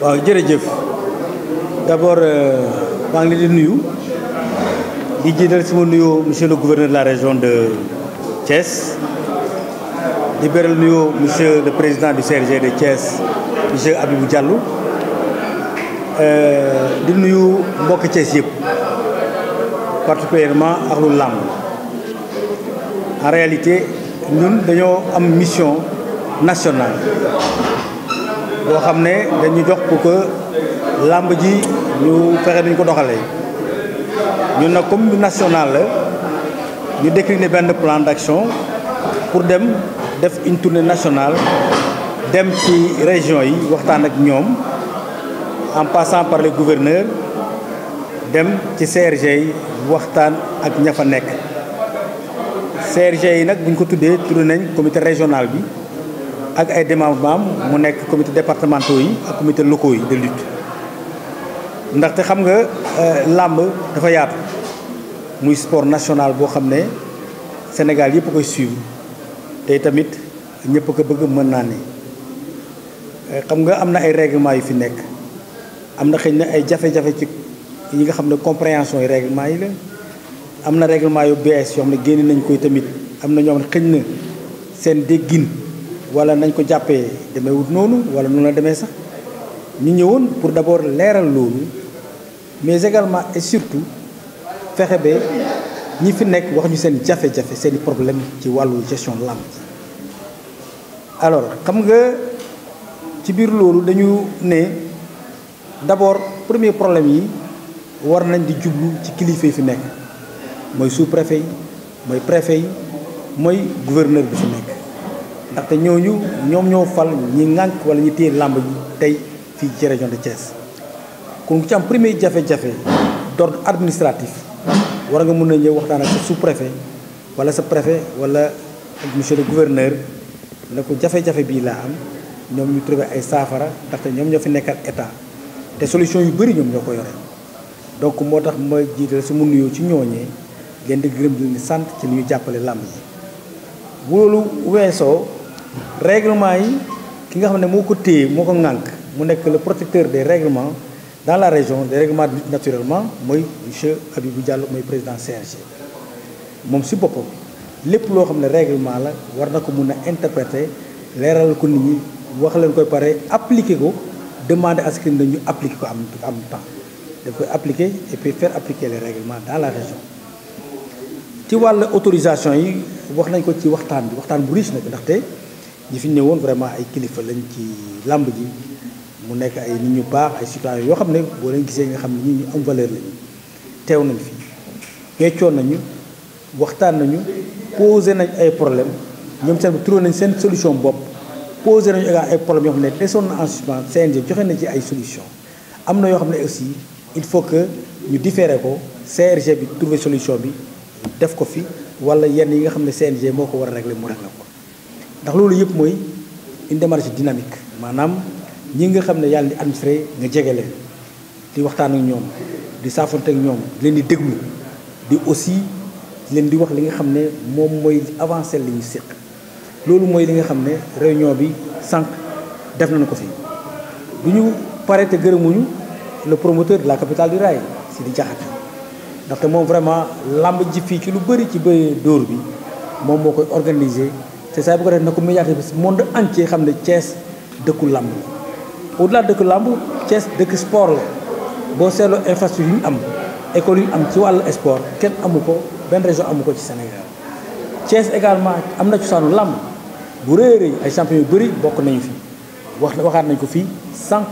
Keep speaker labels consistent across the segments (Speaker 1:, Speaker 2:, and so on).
Speaker 1: waaw jërëjëf d'abord euh, maa ngi leen di nuyu di jiital sama nuyoo monsieur le gouverneur de la région de Thiès di beral nuyoo monsieur le président du CRG de Thiès monsieur Abibou Diallo euh, di nuyu mbokk Thiès yëpp particulièrement ak lu làmb en réalité ñun dañoo am mission nationale boo xam ne dañu jox pour ko làmb ji ñu fexe duñ ko doxalee ñun nag commune nationale la ñu décliné benn plan d'action pour dem def une tournée nationale dem ci région yi waxtaan ak ñoom en passant par les gouverneurs dem ci CRG yi waxtaan ak ña fa nekk CRG yi nag bu buñ ko tuddee tudd nañ comité régional bi ak ay démembrements mu nekk commité départementaux yi ak comité locaux yi de lutte ndaxte xam nga euh, làmb dafa yaatu muy sport national boo xam ne Sénégal yëpp koy suivre tey tamit ñëpp ko bëgg mën naa ne euh, xam nga am na ay règlement yu fi nekk am na xëñ na ay jafe-jafe ci yi nga xam ne compréhension yu réglement yi la am na règlement yu bees yoo xam ne génn nañ koy tamit am na ñoo xam na seen déggin wala nañ ko jàppee demeewut noonu wala noonu la demee sax ñu ñëwoon pour d'abord leeral loolu mais également et surtout fexe ba ñi fi nekk wax ñu seen jafe-jafe seeni problème ci wàllu gestion làmb alors xam nga ci biir loolu dañu ne d'abord premier problème yi war nañ di jublu ci kilifa yi fi nekk mooy sous-préfet yi mooy préfet yi mooy gouverneur bi fi nekk ndaxte ñooñu ñoom ñoo fal ñi ŋànk wala ñi téye làmb ji tey fii ci région de Thiès kon ku ci am premier jafe-jafe d'ordre administratif war nga mun na ñëw waxtaan ak sa sous-préfet wala sa préfet wala monsieur le gouverneur ne ko jafe-jafe bii laa am ñoom ñu trouvé ay saafara ndaxte ñoom ñoo fi nekkal état te solution yu bëri ñoom ñoo ko yore donc moo tax ma jiital su mu nuyoo ci ñooñee leen di gërëm di leen sant ci li ñu jàppale làmb yi bu loolu règlement yi ki nga xam ne moo ko téye moo ko ŋànk mu nekk la protecteur des réglement dans la région de des règlements naturellement mooy monsieur bu Diallo mooy président CRG moom si boppa lépp loo xam ne réglement la war na ko mun na interpréter leeral ko nit ñi wax leen koy pare appliquer ko demande à ce que ñu appliquer ko am am temps daf koy appliquer et puis faire appliquer les règlements dans la région ci wàll autorisation yi wax nañ ko ci waxtaan bi waxtaan bu riche nag ndaxte ñi fi woon vraiment ay kilifa lañ ci làmb ji mu nekk ay nit ñu baax ay citoyen yoo xam ne boo leen gisee nga xam ne nit ñu am valeur lañu teew nañ fi weccoon nañu waxtaan nañu posé nañ ay problème ñoom seen trouvé nañ seen solution bopp posé nañu ay problème yoo xam ne desoon na en suspens CNG joxe nañ ci ay solution am na yoo xam ne aussi il faut que ñu différé ko CRG bi trouvé solution bi def ko fi wala yenn yi nga xam ne CNG moo ko war a réglé mu réglé ko ndax loolu yëpp mooy une démarche dynamique maanaam ñi nga xam ne yàlla di administré nga jegele di waxtaan ak ñoom di saafonte ak ñoom di leen di déglu di aussi leen di wax li nga xam ne moom mooy avancé li ñu séq loolu mooy li nga xam ne réunion bi sànq def nañu ko fi du ñu pare te gërëmuñu le promoteur de la capitale du rail Sidi Diakhaté ndaxte moom vraiment làmb ji fii ci lu bëri ci bëri dóor bi moom moo koy organiser te saa bu ko defee na ko médiatiser monde entier xam ne Thiès dëkku làmb au delà dëkku làmb Thiès dëkk sport la boo seetloo infrastructure yi ñu am école yu ñu am ci wàll sport kenn amu ko benn région amu ko ci Sénégal Thiès également am na cosaanu làmb bu rëy rëy ay champion yu bëri bokk nañu fi wax waxaat nañ ko fii sànq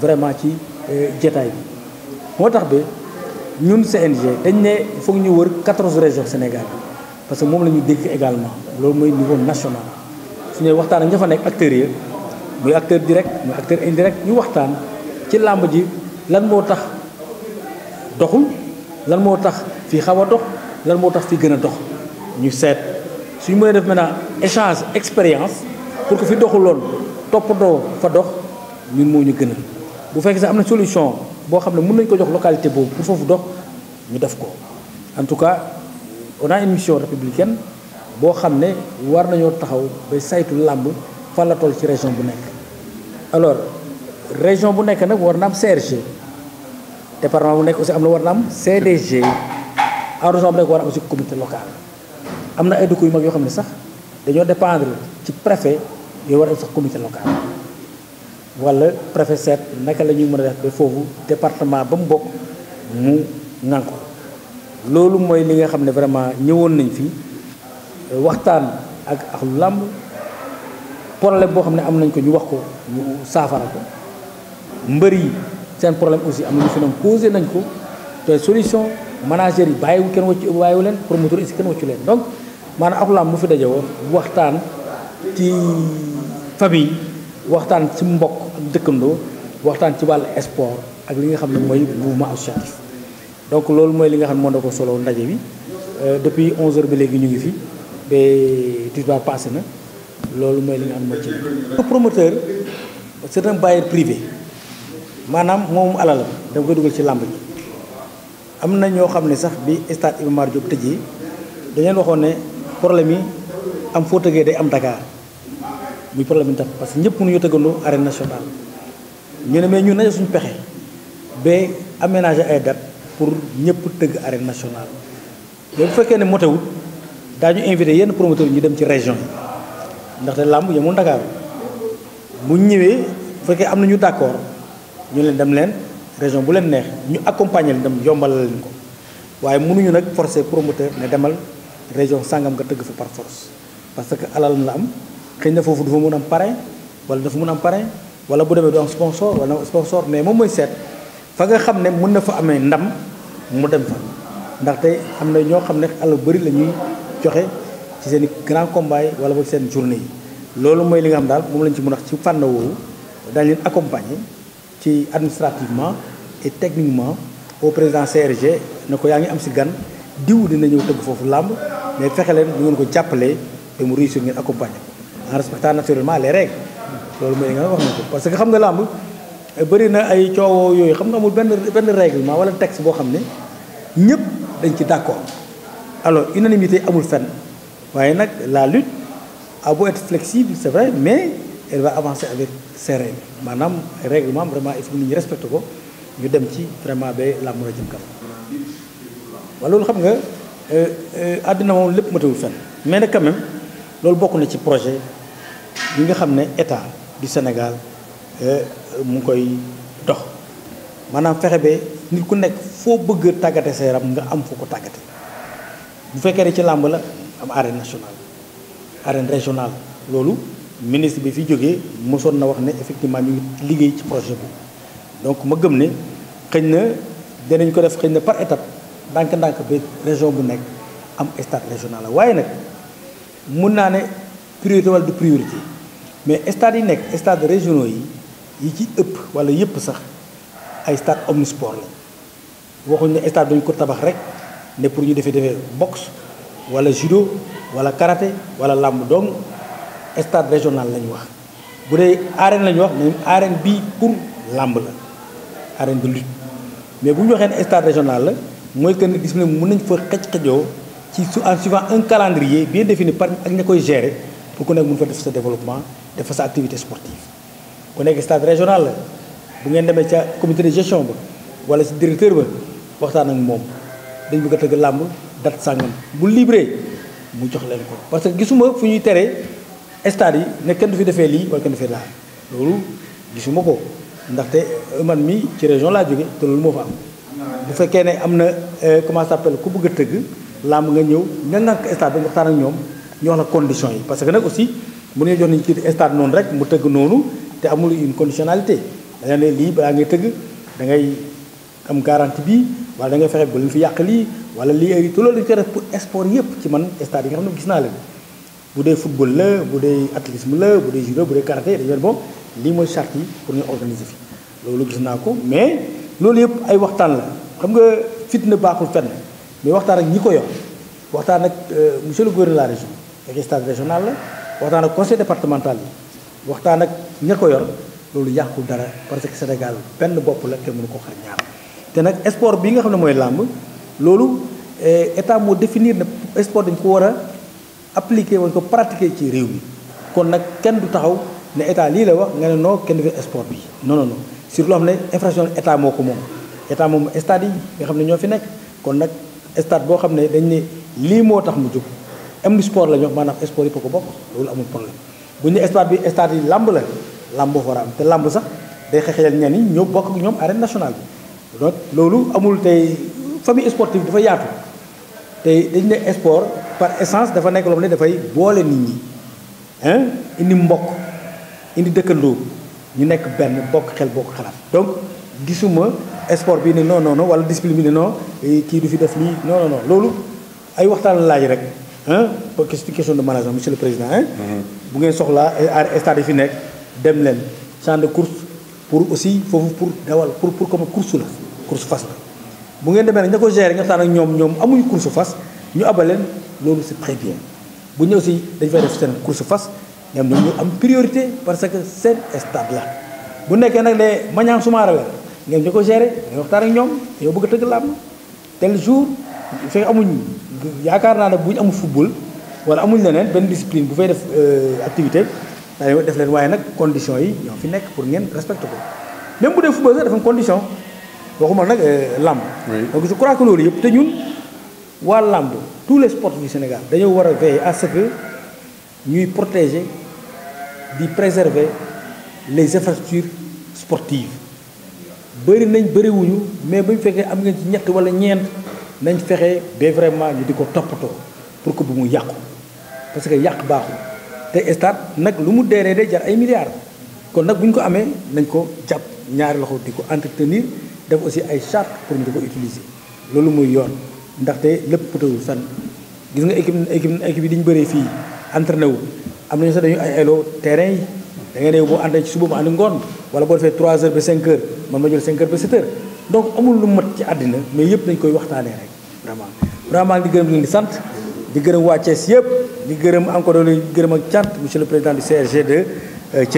Speaker 1: vraiment ci euh, jetaay bi moo tax ba ñun CNG dañ ne foog ñu wër 14 régions Sénégal parce que moom la ñu dégg également loolu mooy niveau national su ñuy waxtaan ak ña fa nekk acteurs yi muy acteur direct muy acteur indirect ñu waxtaan ci làmb ji lan moo tax doxul lan moo tax fii xaw a dox lan moo tax fi gën a dox ñu seet suñu mënee def a échange expérience pour que fi doxul loon toppatoo fa dox ñun moo ñu gën bu fekkee sax am na solution boo xam ne mun nañ ko jox localité boobu pour foofu dox ñu def ko on a une mission républicaine boo xam ne war nañoo taxaw ba saytu làmb fan la toll ci région bu nekk alors région bu nekk nag war na am CRG département bu nekk aussi am na war na am CDG arrondissement bu nekk war aussi comité local am na ay dëkk yu mag yoo xam ne sax dañoo dépendre ci préfet yooyu war am sax comité local wala préfet set naka la ñuy mën a def ba foofu département ba mu bokk mu nànk ko loolu mooy li nga xam ne vraiment ñëwoon nañ fii euh, waxtaan ak ak lu làmb problème boo xam ne am nañ ko ñu wax ko ñu saafara ko mbër yi seen problème aussi am nañu fi posé nañ ko te solution manager yi bàyyiwu kenn waccu bàyyiwu leen promoteur aussi kenn waccu leen donc maanaam ak làmb mu fi daje woon waxtaan ci famille waxtaan ci mbokk ak dëkkandoo waxtaan ci wàll sport ak li nga xam ne mooy ma associatif donc loolu mooy li nga xam ne moo na ko solo ndaje bi euh, depuis 11h ba léegi ñu ngi fi ba Tisbaar passé na loolu mooy li nga xam ne moo ci nekk. maanaam moom alalam da nga koy dugal làmb ji am na ñoo xam ne sax bi stade Iba Mar Diop tëjee dañ leen waxoon ne problème yi am foo tëggee day am Dakar muy problème bi tam parce que ñëpp ñoo tëggandoo arène nationale ñu ne mais ñu nañu suñu pexe ba aménager ay date. pour ñëpp tëgg arène nationale bu fekkee ne motewut ñu invité yenn promoteur yi ñu dem ci région yi ndaxte làmb yamul Dakar bu ñëwee bu fekkee am nañu d'accord ñu leen dem leen région bu leen neex ñu accompagner leen dem yombalal leen ko waaye mënuñu nag forcer promoteur ne demal région sàngam nga tëgg fa par force parce que alalam la am xëy na foofu du fa mën am parrain wala dafa mun am parrain wala bu demee du am sponsor wala sponsor mais moom mooy seet fa nga xam ne mën na fa amee ndam mu dem fa ndaxte am na ñoo xam ne alal bëri la ñuy joxe ci seen i grand combat yi wala ba seen journée yi loolu mooy li nga xam daal moom lañ ci mën a wax ci fànn woowu dañ leen accompagner ci administrativement et techniquement au président CRG na ko yaa ngi am si gan diw dina ñëw tëgg foofu làmb mais fexe leen ñu ngeen ko jàppale te mu réussir ngeen accompagner en respectant naturellement les règles loolu mooy li bëri na ay coowoo yooyu xam nga amul benn benn réglement wala texte boo xam ne ñëpp dañ ci d'accord alors unanimité amul fen waaye nag la lutte aboo beau être flexible c'est mais elle va avancer avec ses maanaam règlement vraiment il faut nit ñi respecté ko ñu dem ci vraiment ba la mën a jëm kanam waaw loolu xam nga euh, euh, àddina moom lépp matawul fen mais nag quand même loolu bokk na ci projet bi nga xam ne état du Sénégal euh, mu koy dox maanaam fexe ba nit ku nekk foo bëgg tàggate sa yaram nga am foo ko tàggate bu fekkee ne ci làmb la am arène national arène régional loolu ministre bi fi jógee mosoon na wax ne effectivement ñu ngi liggéey ci projet bu donc ma gëm ne xëñ na dinañ ko def xëy na par étape ndànk-ndànk ba région bu nekk am stade régional waaye nag mun naa ne priorité wal du priorité mais stades yi nekk stade régionaux yi yi ci ëpp wala yëpp sax ay stade omnisport la waxuñ ne stade dañ ko tabax rek ne pour ñu defee defee boxe wala judo wala karaté wala làmb doom stade régional lañ wax bu dee arène la ñu wax ne arène bii pour làmb la arène de lutte mais bu ñu waxee ne stade régional la mooy que ne gis ne mun nañ fa xëj xëjoo ci su en suivant un calendrier bien défini par ak ña koy gérer pour ku nekk mun fa def sa développement def fa sa activité sportive bu nekk stade régional la bu ngeen demee ca comité de gestion ba wala ci directeur ba waxtaan ak moom dañ bëgg a tëgg làmb date sàngam bu libre mu jox leen ko parce que gisuma fu ñuy tere stade yi ne kenn du fi defee lii wala kenn du fi laa loolu gisuma ko ndaxte euh, man mi ci région laa jóge te loolu moo fa am bu fekkee ne am na euh, comment ça ku bëgg a tëgg làmb nga ñëw nga ngànk stade bi waxtaan ak ñoom ñu wax la condition yi parce que nag aussi mënuñu jox nañu ci stade noonu rek mu tëgg noonu te amul une conditionnalité da nga ne lii balaa ngay tëgg da ngay am garanti bi wala da ngay fexe ba lu fi yàq lii wala lii ay te loolu dañ koy def ci man stade yi nga naa leen bu dee football la bu dee athlétisme la bu dee judo bu dee karaté dañu bon lii mooy charte yi pour ñu organiser fi loolu gis naa ko mais loolu yëpp ay waxtaan la xam nga fitna baaxul fenn mais waxtaan ak ñi ko yor waxtaan ak euh, monsieur le gouverneur de la région ak stade régional la waxtaan ak conseil départemental yi waxtaan ak ña ko yor loolu yàqul dara parce que Sénégal benn bopp la te mënu ko xar ñaar te nag sport bi nga xam ne mooy làmb loolu eh, état moo définir ne sport dañ ko war a appliquer wañ ko pratiquer ci réew mi kon nag kenn du taxaw ne état lii la wax nga ne noo kenn du fi sport bi non non sur loo xam ne infraction état moo ko moom état moom stade yi nga xam ne ñoo fi nekk kon nag stade boo xam ne dañ ne lii moo tax mu jóg am sport la ñu wax maanaam sport yi ko bokk loolu amul problème bu ñu stade bi stade yi làmb la làmb fa am te làmb sax day xeexeel ñenn ñi ñoo bokk ñoom arène national bi donc loolu amul tey famille sportive dafa yaatu tey dañ ne sport par essence dafa nekk loo ne dafay boole nit ñi indi mbokk indi dëkkandoo ñu nekk benn bokk xel bokk xalaat donc gisuma sport bi ne noonu non non wala discipline bi ne non eh, kii du fi def lii non non loolu ay waxtaan laaj rek. ah ba question de management monsieur le président ah. bu ngeen soxlaa eh, stade yi fi nekk dem leen champ de course pour aussi foofu pour dawal pour pour comme course la course fas la bu ngeen demee nag ña ko gérer nga xam ne ñoom ñoom amuñu course fas ñu abaleen loolu c'est très bien bu ñu aussi dañu fay def seen course fas ñoom ñoom ñu am priorité parce que seen stade la bu nekkee nag les Maniang Soumaré la ngeen ñu ko gérer ngeen waxtaan ak ñoom yow bëgg a tëgg làmb tel jour. bu amuñ yaakaar naa ne bu ñu amul football wala amuñ leneen benn discipline bu fay def euh, activité daa leen def leen waaye nag condition yi ñoo fi nekk pour ngeen respecté ko même bu dee football sax dafa condition waxuma nag euh, làmb donc je crois que loolu yëpp te ñun waa làmb tous les sports du Sénégal dañoo war a veiller à que ñuy protéger di préserver les infrastructures sportives bëri nañ bëriwuñu mais bu ñu fekkee am ngeen ci ñett wala ñeent nañ fexe ba vraiment ñu di ko toppatoo pour que bu mu yàqu parce que yàq baaxul te stade nag lu mu deeree day jar ay milliards kon nag bu ñu ko amee nañ ko jàpp ñaari loxo di ko entretenir def aussi ay charte pour ñu di ko utiliser loolu muy yoon ndaxte lépp poteau san gis nga équipe équipe équipe yi dañu bëree fii entraîné wu am nañu sax dañu ay elo terrain yi da ngay ne boo àndee ci suba mu ànd ngoon wala boo defee 3 heures ba 5 heures man ma jël 5 heures donc amul lu mat ci àddina mais yëpp dañ koy waxtaanee rek vraiment vraiment di gërëm leen di sant di gërëm waa Thiès yëpp di gërëm encore di gërëm ak cant monsieur le président du CRG de euh, Thiès